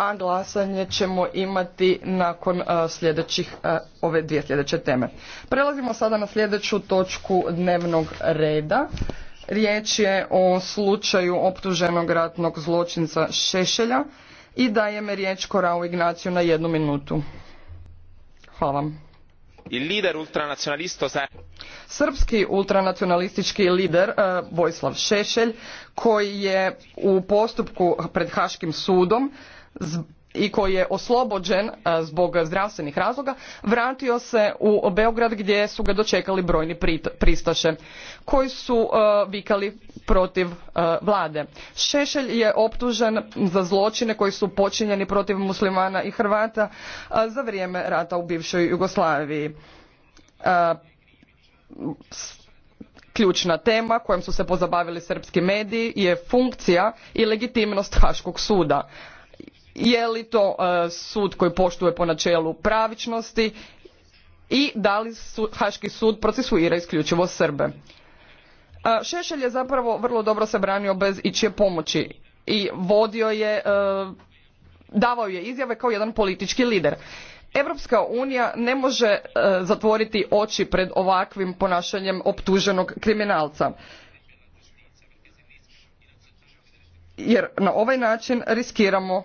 a glasanje ćemo imati nakon e, sljedećih, e, ove dvije sljedeće teme. Prelazimo sada na sljedeću točku dnevnog reda. Riječ je o slučaju optuženog ratnog zločinca Šešelja i dajem riječ Korao Ignaciju na jednu minutu. Hvala vam. Lider Srpski ultranacionalistički lider e, Vojislav Šešelj koji je u postupku pred Haškim sudom i koji je oslobođen e, zbog zdravstvenih razloga vratio se u Beograd gdje su ga dočekali brojni pristaše koji su e, vikali protiv e, vlade. Šešelj je optužen za zločine koji su počinjeni protiv muslimana i Hrvata za vrijeme rata u bivšoj Jugoslaviji. Ključna tema kojom su se pozabavili srpski mediji je funkcija i legitimnost Haškog suda je li to e, sud koji poštuje po načelu pravičnosti i da li Haški sud procesuira isključivo Srbe. E, Šešelj je zapravo vrlo dobro se branio bez ičije pomoći i vodio je, e, davao je izjave kao jedan politički lider. Europska unija ne može zatvoriti oči pred ovakvim ponašanjem optuženog kriminalca. Jer na ovaj način riskiramo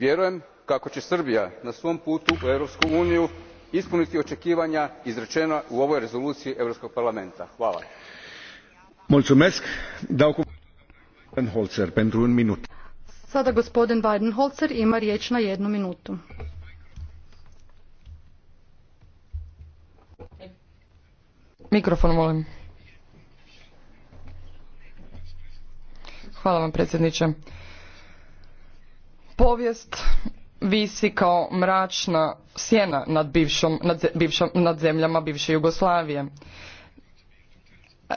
vjerujem kako će srbija na svom putu u europsku uniju ispuniti očekivanja izrečena u ovoj rezoluciji europskog parlamenta. hvala. Sada gospodin Weidenholzer ima riječ na jednu minutu. Mikrofon molim. Hvala vam predsjedniče povijest visi kao mračna sjena nad, zemljama bivše Jugoslavije.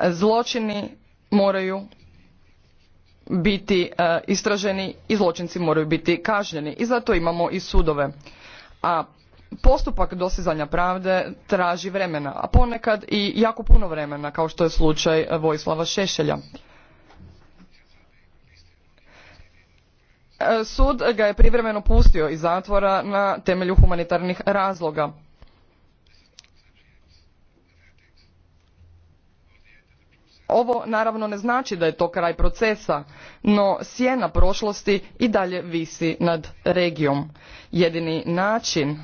Zločini moraju biti e, istraženi i zločinci moraju biti kažnjeni i zato imamo i sudove. A postupak dosizanja pravde traži vremena, a ponekad i jako puno vremena kao što je slučaj e, Vojislava Šešelja. sud ga je privremeno pustio iz zatvora na temelju humanitarnih razloga ovo naravno ne znači da je to kraj procesa no sjena prošlosti i dalje visi nad regijom jedini način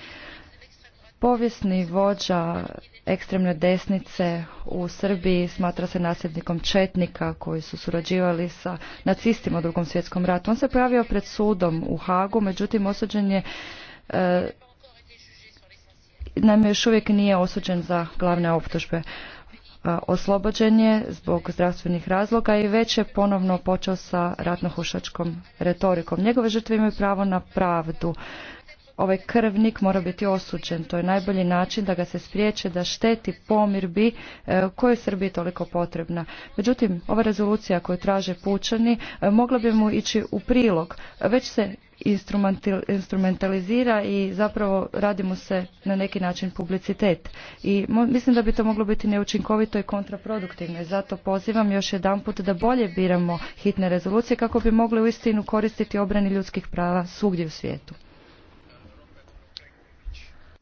Povijesni vođa ekstremne desnice u Srbiji smatra se nasljednikom Četnika koji su surađivali sa nacistima u drugom svjetskom ratu. On se pojavio pred sudom u Hagu, međutim osuđen je e, još uvijek nije osuđen za glavne optužbe. E, oslobođen je zbog zdravstvenih razloga i već je ponovno počeo sa ratno-hušačkom retorikom. Njegove žrtve imaju pravo na pravdu ovaj krvnik mora biti osuđen. To je najbolji način da ga se spriječe da šteti pomirbi e, kojoj je toliko potrebna. Međutim, ova rezolucija koju traže pučani e, mogla bi mu ići u prilog. Već se instrumentalizira i zapravo radi mu se na neki način publicitet. I mislim da bi to moglo biti neučinkovito i kontraproduktivno i zato pozivam još jedanput da bolje biramo hitne rezolucije kako bi mogli uistinu koristiti obrani ljudskih prava svugdje u svijetu.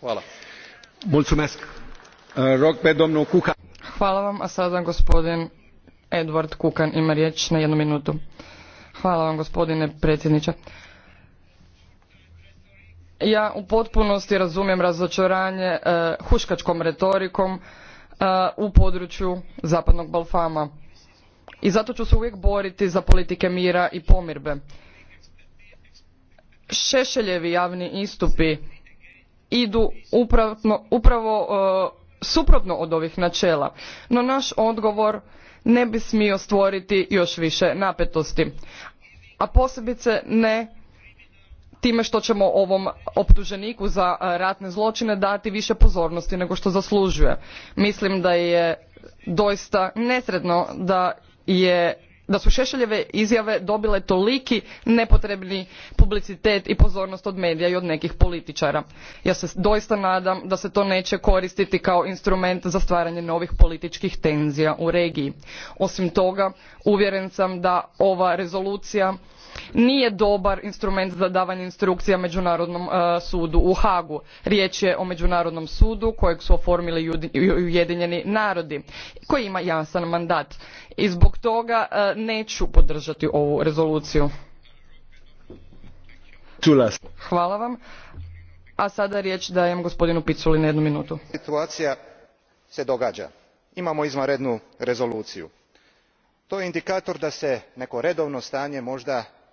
Hvala. Uh, Hvala vam, a sada gospodin Edward Kukan ima riječ na jednu minutu. Hvala vam gospodine predsjedniče. Ja u potpunosti razumijem razočaranje uh, huškačkom retorikom uh, u području zapadnog Balfama. I zato ću se uvijek boriti za politike mira i pomirbe. Šešeljevi javni istupi idu upravo, e, suprotno od ovih načela no naš odgovor ne bi smio stvoriti još više napetosti a posebice ne time što ćemo ovom optuženiku za e, ratne zločine dati više pozornosti nego što zaslužuje mislim da je doista nesretno da je da su šešeljeve izjave dobile toliki nepotrebni publicitet i pozornost od medija i od nekih političara ja se doista nadam da se to neće koristiti kao instrument za stvaranje novih političkih tenzija u regiji osim toga uvjeren sam da ova rezolucija nije dobar instrument za davanje instrukcija međunarodnom e, sudu u Hagu. riječ je o međunarodnom sudu kojeg su oformili ujedinjeni narodi koji ima jasan mandat i zbog toga e, neću podržati ovu rezoluciju hvala vam a sada riječ dajem gospodinu piculi na jednu minutu situacija se događa imamo izvanrednu rezoluciju to je indikator da se neko redovno stanje možda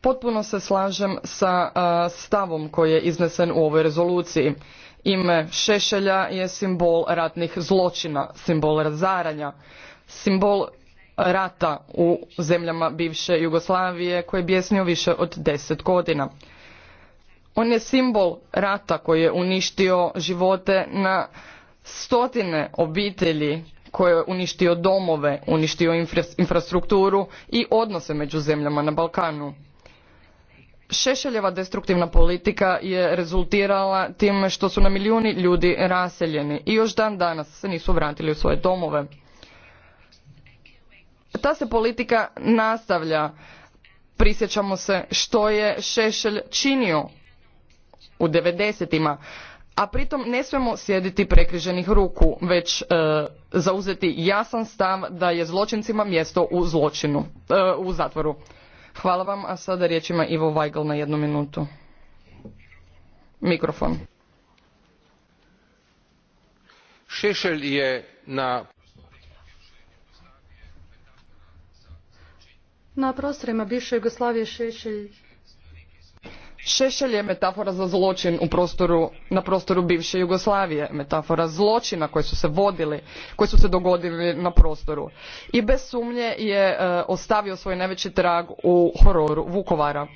Potpuno se slažem sa stavom koji je iznesen u ovoj rezoluciji. Ime Šešelja je simbol ratnih zločina, simbol razaranja, simbol rata u zemljama bivše Jugoslavije koje je bjesnio više od deset godina. On je simbol rata koji je uništio živote na stotine obitelji koje je uništio domove, uništio infrastrukturu i odnose među zemljama na Balkanu. Šešeljeva destruktivna politika je rezultirala time što su na milijuni ljudi raseljeni i još dan danas se nisu vratili u svoje domove. Ta se politika nastavlja. Prisjećamo se što je Šešelj činio u 90 a pritom ne smijemo sjediti prekriženih ruku, već e, zauzeti jasan stav da je zločincima mjesto u zločinu, e, u zatvoru. Hvala vam, a sada riječ ima Ivo Weigl na jednu minutu. Mikrofon. Šešelj je na... Na prostorima bivše Jugoslavije Šešelj Šešelj je metafora za zločin u prostoru, na prostoru bivše Jugoslavije, metafora zločina koji su se vodili, koji su se dogodili na prostoru. I bez sumnje je e, ostavio svoj najveći trag u hororu Vukovara.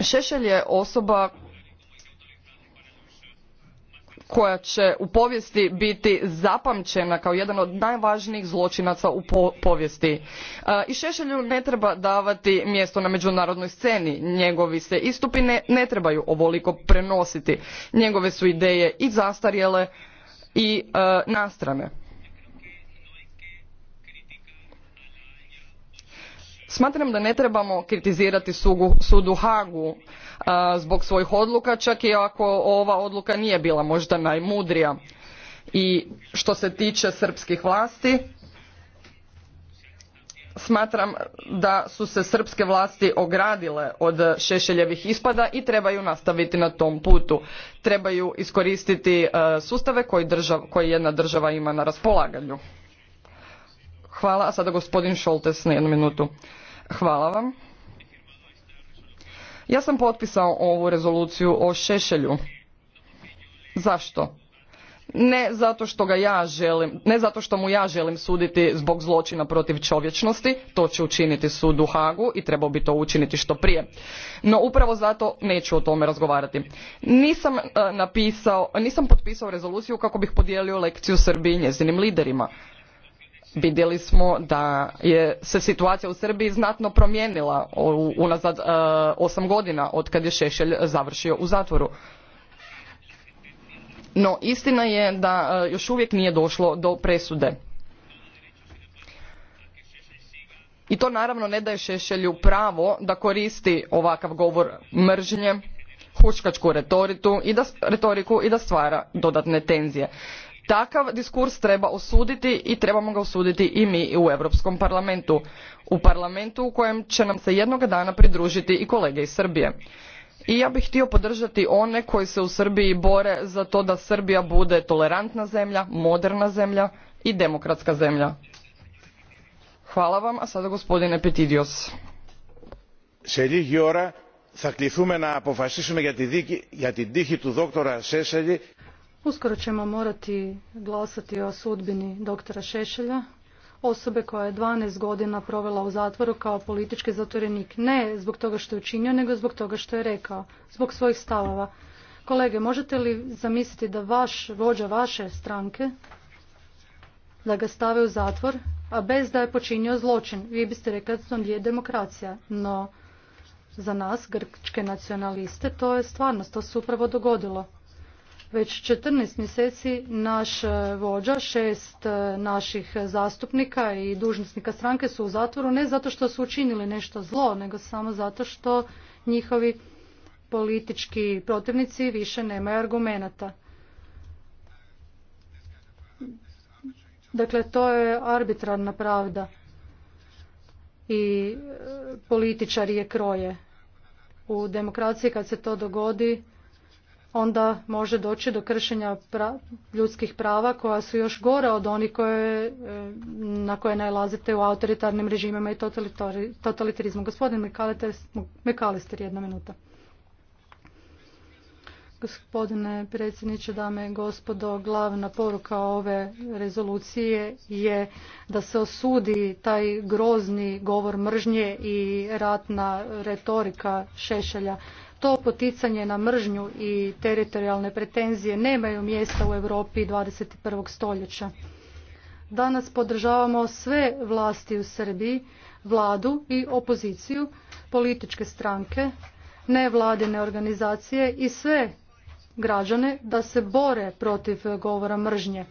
Šešelj je osoba koja će u povijesti biti zapamćena kao jedan od najvažnijih zločinaca u povijesti. E, I Šešelju ne treba davati mjesto na međunarodnoj sceni. Njegovi se istupi ne, trebaju ovoliko prenositi. Njegove su ideje i zastarjele i e, nastrane. Smatram da ne trebamo kritizirati sud sudu Hagu zbog svojih odluka, čak i ako ova odluka nije bila možda najmudrija. I što se tiče srpskih vlasti, smatram da su se srpske vlasti ogradile od šešeljevih ispada i trebaju nastaviti na tom putu. Trebaju iskoristiti e, sustave koje jedna država ima na raspolaganju. Hvala, a sada gospodin Šoltes na jednu minutu. Hvala vam. Ja sam potpisao ovu rezoluciju o Šešelju. Zašto? Ne zato što ga ja želim, ne zato što mu ja želim suditi zbog zločina protiv čovječnosti, to će učiniti sud u Hagu i trebao bi to učiniti što prije. No upravo zato neću o tome razgovarati. Nisam eh, napisao, nisam potpisao rezoluciju kako bih podijelio lekciju Srbiji i njezinim liderima vidjeli smo da je se situacija u Srbiji znatno promijenila unazad e, osam godina od je Šešelj završio u zatvoru. No istina je da e, još uvijek nije došlo do presude. I to naravno ne daje Šešelju pravo da koristi ovakav govor mržnje, hučkačku i da, retoriku i da stvara dodatne tenzije takav diskurs treba osuditi i trebamo ga osuditi i mi u europskom parlamentu u parlamentu u kojem će nam se jednoga dana pridružiti i kolege iz srbije i ja bih htio podržati one koji se u srbiji bore za to da srbija bude tolerantna zemlja moderna zemlja i demokratska zemlja hvala vam a sada gospodine petidios Uskoro ćemo morati glasati o sudbini doktora Šešelja, osobe koja je 12 godina provela u zatvoru kao politički zatvorenik. Ne zbog toga što je učinio, nego zbog toga što je rekao, zbog svojih stavova. Kolege, možete li zamisliti da vaš vođa vaše stranke, da ga stave u zatvor, a bez da je počinio zločin? Vi biste rekli da je demokracija, no za nas, grčke nacionaliste, to je stvarnost, to se upravo dogodilo. Već 14 mjeseci naš e, vođa, šest e, naših zastupnika i dužnosnika stranke su u zatvoru ne zato što su učinili nešto zlo, nego samo zato što njihovi politički protivnici više nemaju argumenata. Dakle, to je arbitrarna pravda i e, političari je kroje. U demokraciji kad se to dogodi, onda može doći do kršenja ljudskih prava koja su još gore od onih koje, e, na koje najlazite u autoritarnim režimima i totalitarizmu. Gospodin Mekalister, jedna minuta. Gospodine predsjedniče, dame i gospodo, glavna poruka ove rezolucije je da se osudi taj grozni govor mržnje i ratna retorika šešelja to poticanje na mržnju i teritorijalne pretenzije nemaju mjesta u Europi 21. stoljeća. Danas podržavamo sve vlasti u Srbiji, vladu i opoziciju, političke stranke, nevladine organizacije i sve građane da se bore protiv govora mržnje.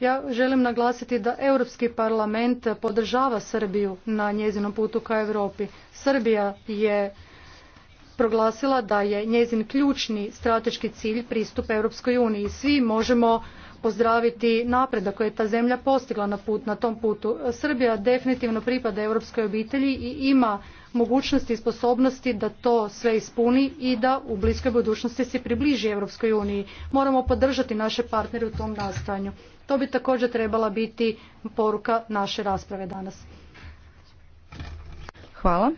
Ja želim naglasiti da Europski parlament podržava Srbiju na njezinom putu ka Europi. Srbija je proglasila da je njezin ključni strateški cilj pristup Europskoj uniji. Svi možemo pozdraviti napredak koji je ta zemlja postigla na, na tom putu. Srbija definitivno pripada europskoj obitelji i ima mogućnosti i sposobnosti da to sve ispuni i da u bliskoj budućnosti se približi Europskoj uniji. Moramo podržati naše partnere u tom nastojanju. To bi također trebala biti poruka naše rasprave danas. Hvala.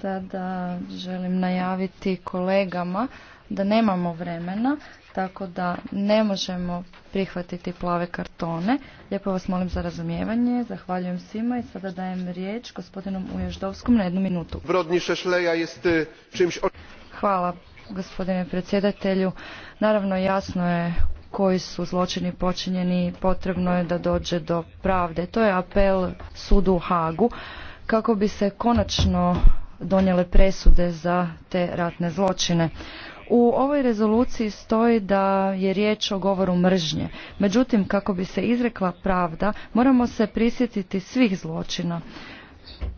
Sada želim najaviti kolegama da nemamo vremena, tako da ne možemo prihvatiti plave kartone. Lijepo vas molim za razumijevanje. Zahvaljujem svima i sada dajem riječ gospodinom Uježdovskom na jednu minutu. E, Hvala gospodine predsjedatelju. Naravno jasno je koji su zločini počinjeni i potrebno je da dođe do pravde. To je apel sudu u Hagu kako bi se konačno donijele presude za te ratne zločine. U ovoj rezoluciji stoji da je riječ o govoru mržnje. Međutim, kako bi se izrekla pravda, moramo se prisjetiti svih zločina,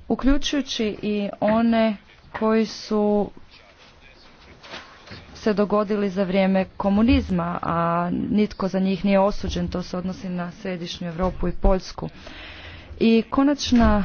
uključujući i one koji su se dogodili za vrijeme komunizma, a nitko za njih nije osuđen, to se odnosi na središnju Europu i Poljsku. I konačna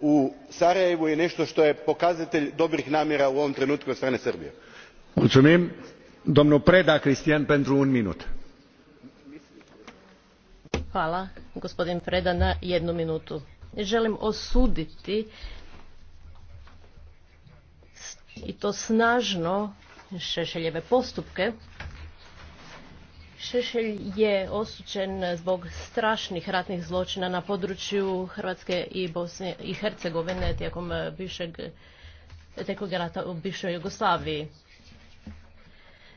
u sarajevu je nešto što je pokazatelj dobrih namjera u ovom trenutku od strane srbije. Hvala, gospodin predana jednu minutu. Želim osuditi i to snažno Šešeljeve postupke Šešelj je osuđen zbog strašnih ratnih zločina na području Hrvatske i Bosne i Hercegovine tijekom bivšeg rata u bivšoj Jugoslaviji.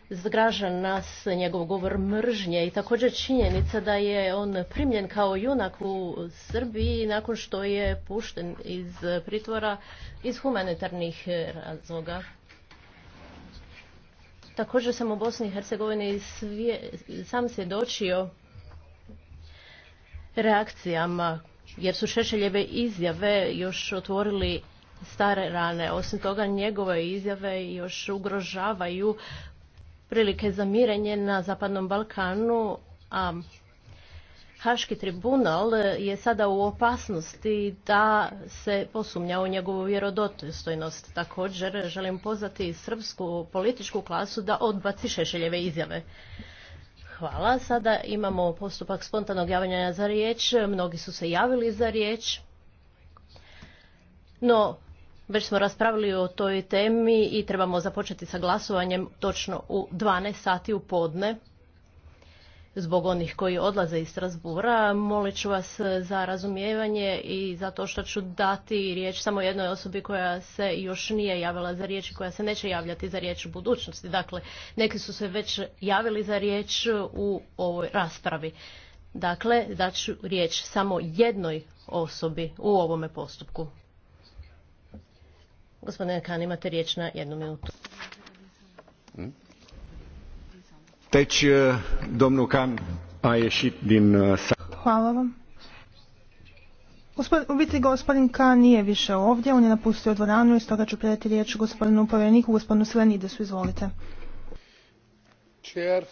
Zgraža nas njegov govor mržnje i također činjenica da je on primljen kao junak u Srbiji nakon što je pušten iz pritvora iz humanitarnih razloga. Također sam u Bosni i Hercegovini sam svjedočio reakcijama jer su Šešeljeve izjave još otvorili stare rane. Osim toga njegove izjave još ugrožavaju prilike za mirenje na Zapadnom Balkanu, a Haški tribunal e, je sada u opasnosti da se posumnja u njegovu vjerodostojnost. Također želim pozvati srpsku političku klasu da odbaci Šešeljeve izjave. Hvala. Sada imamo postupak spontanog javljanja za riječ. Mnogi su se javili za riječ. No, već smo raspravili o toj temi i trebamo započeti sa glasovanjem točno u 12 sati u podne zbog onih koji odlaze iz Strasbura. Molit ću vas za razumijevanje i za to što ću dati riječ samo jednoj osobi koja se još nije javila za riječ i koja se neće javljati za riječ u budućnosti. Dakle, neki su se već javili za riječ u ovoj raspravi. Dakle, daću riječ samo jednoj osobi u ovome postupku. Gospodine Kan, imate riječ na jednu minutu. Hm? Eh, domnul Can a ieșit din... Eh, Hvala vam. gospodin K nije više ovdje, on je napustio dvoranu i stoga ću predati riječ gospodinu povjereniku, gospodinu Silenidesu, izvolite. Chair,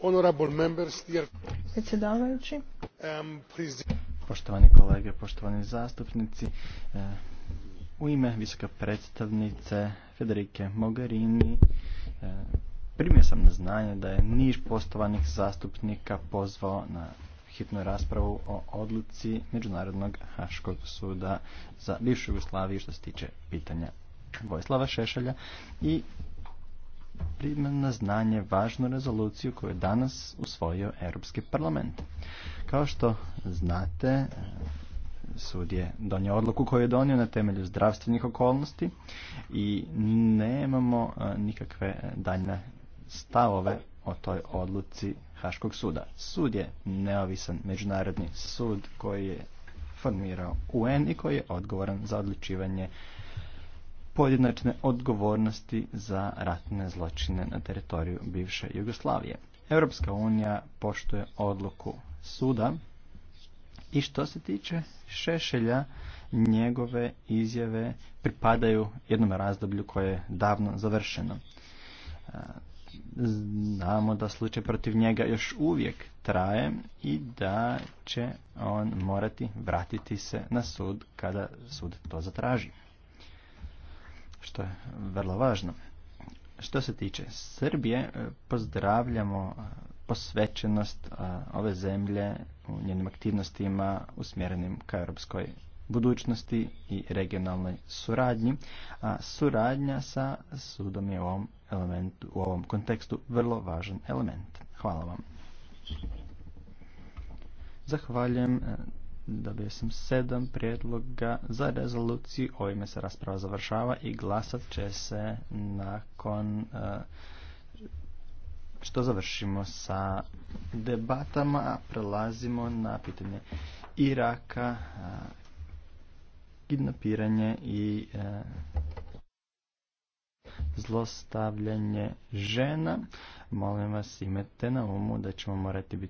honorable members, dear... Predsjedavajući. Um, poštovani kolege, poštovani zastupnici, eh, u ime visoke predstavnice Federike Mogherini, Primio sam na znanje da je niž postovanih zastupnika pozvao na hitnu raspravu o odluci Međunarodnog haškog suda za bivšu Jugoslaviju što se tiče pitanja Vojislava Šešelja i primam na znanje važnu rezoluciju koju je danas usvojio Europski parlament. Kao što znate, sud je donio odluku koju je donio na temelju zdravstvenih okolnosti i nemamo e, nikakve daljne stavove o toj odluci Haškog suda. Sud je neovisan međunarodni sud koji je formirao UN i koji je odgovoran za odličivanje pojedinačne odgovornosti za ratne zločine na teritoriju bivše Jugoslavije. Europska unija poštuje odluku suda i što se tiče Šešelja, njegove izjave pripadaju jednom razdoblju koje je davno završeno znamo da slučaj protiv njega još uvijek traje i da će on morati vratiti se na sud kada sud to zatraži. Što je vrlo važno. Što se tiče Srbije, pozdravljamo posvećenost ove zemlje u njenim aktivnostima usmjerenim ka europskoj budućnosti i regionalnoj suradnji, a suradnja sa sudom je u ovom element u ovom kontekstu vrlo važan element. Hvala vam. Zahvaljujem. E, dobio sam sedam prijedloga za rezoluciju. Ovime se rasprava završava i glasat će se nakon e, što završimo sa debatama. prelazimo na pitanje Iraka, e, kidnapiranje i zlostavljanje žena. Molim vas imajte na umu da ćemo morati biti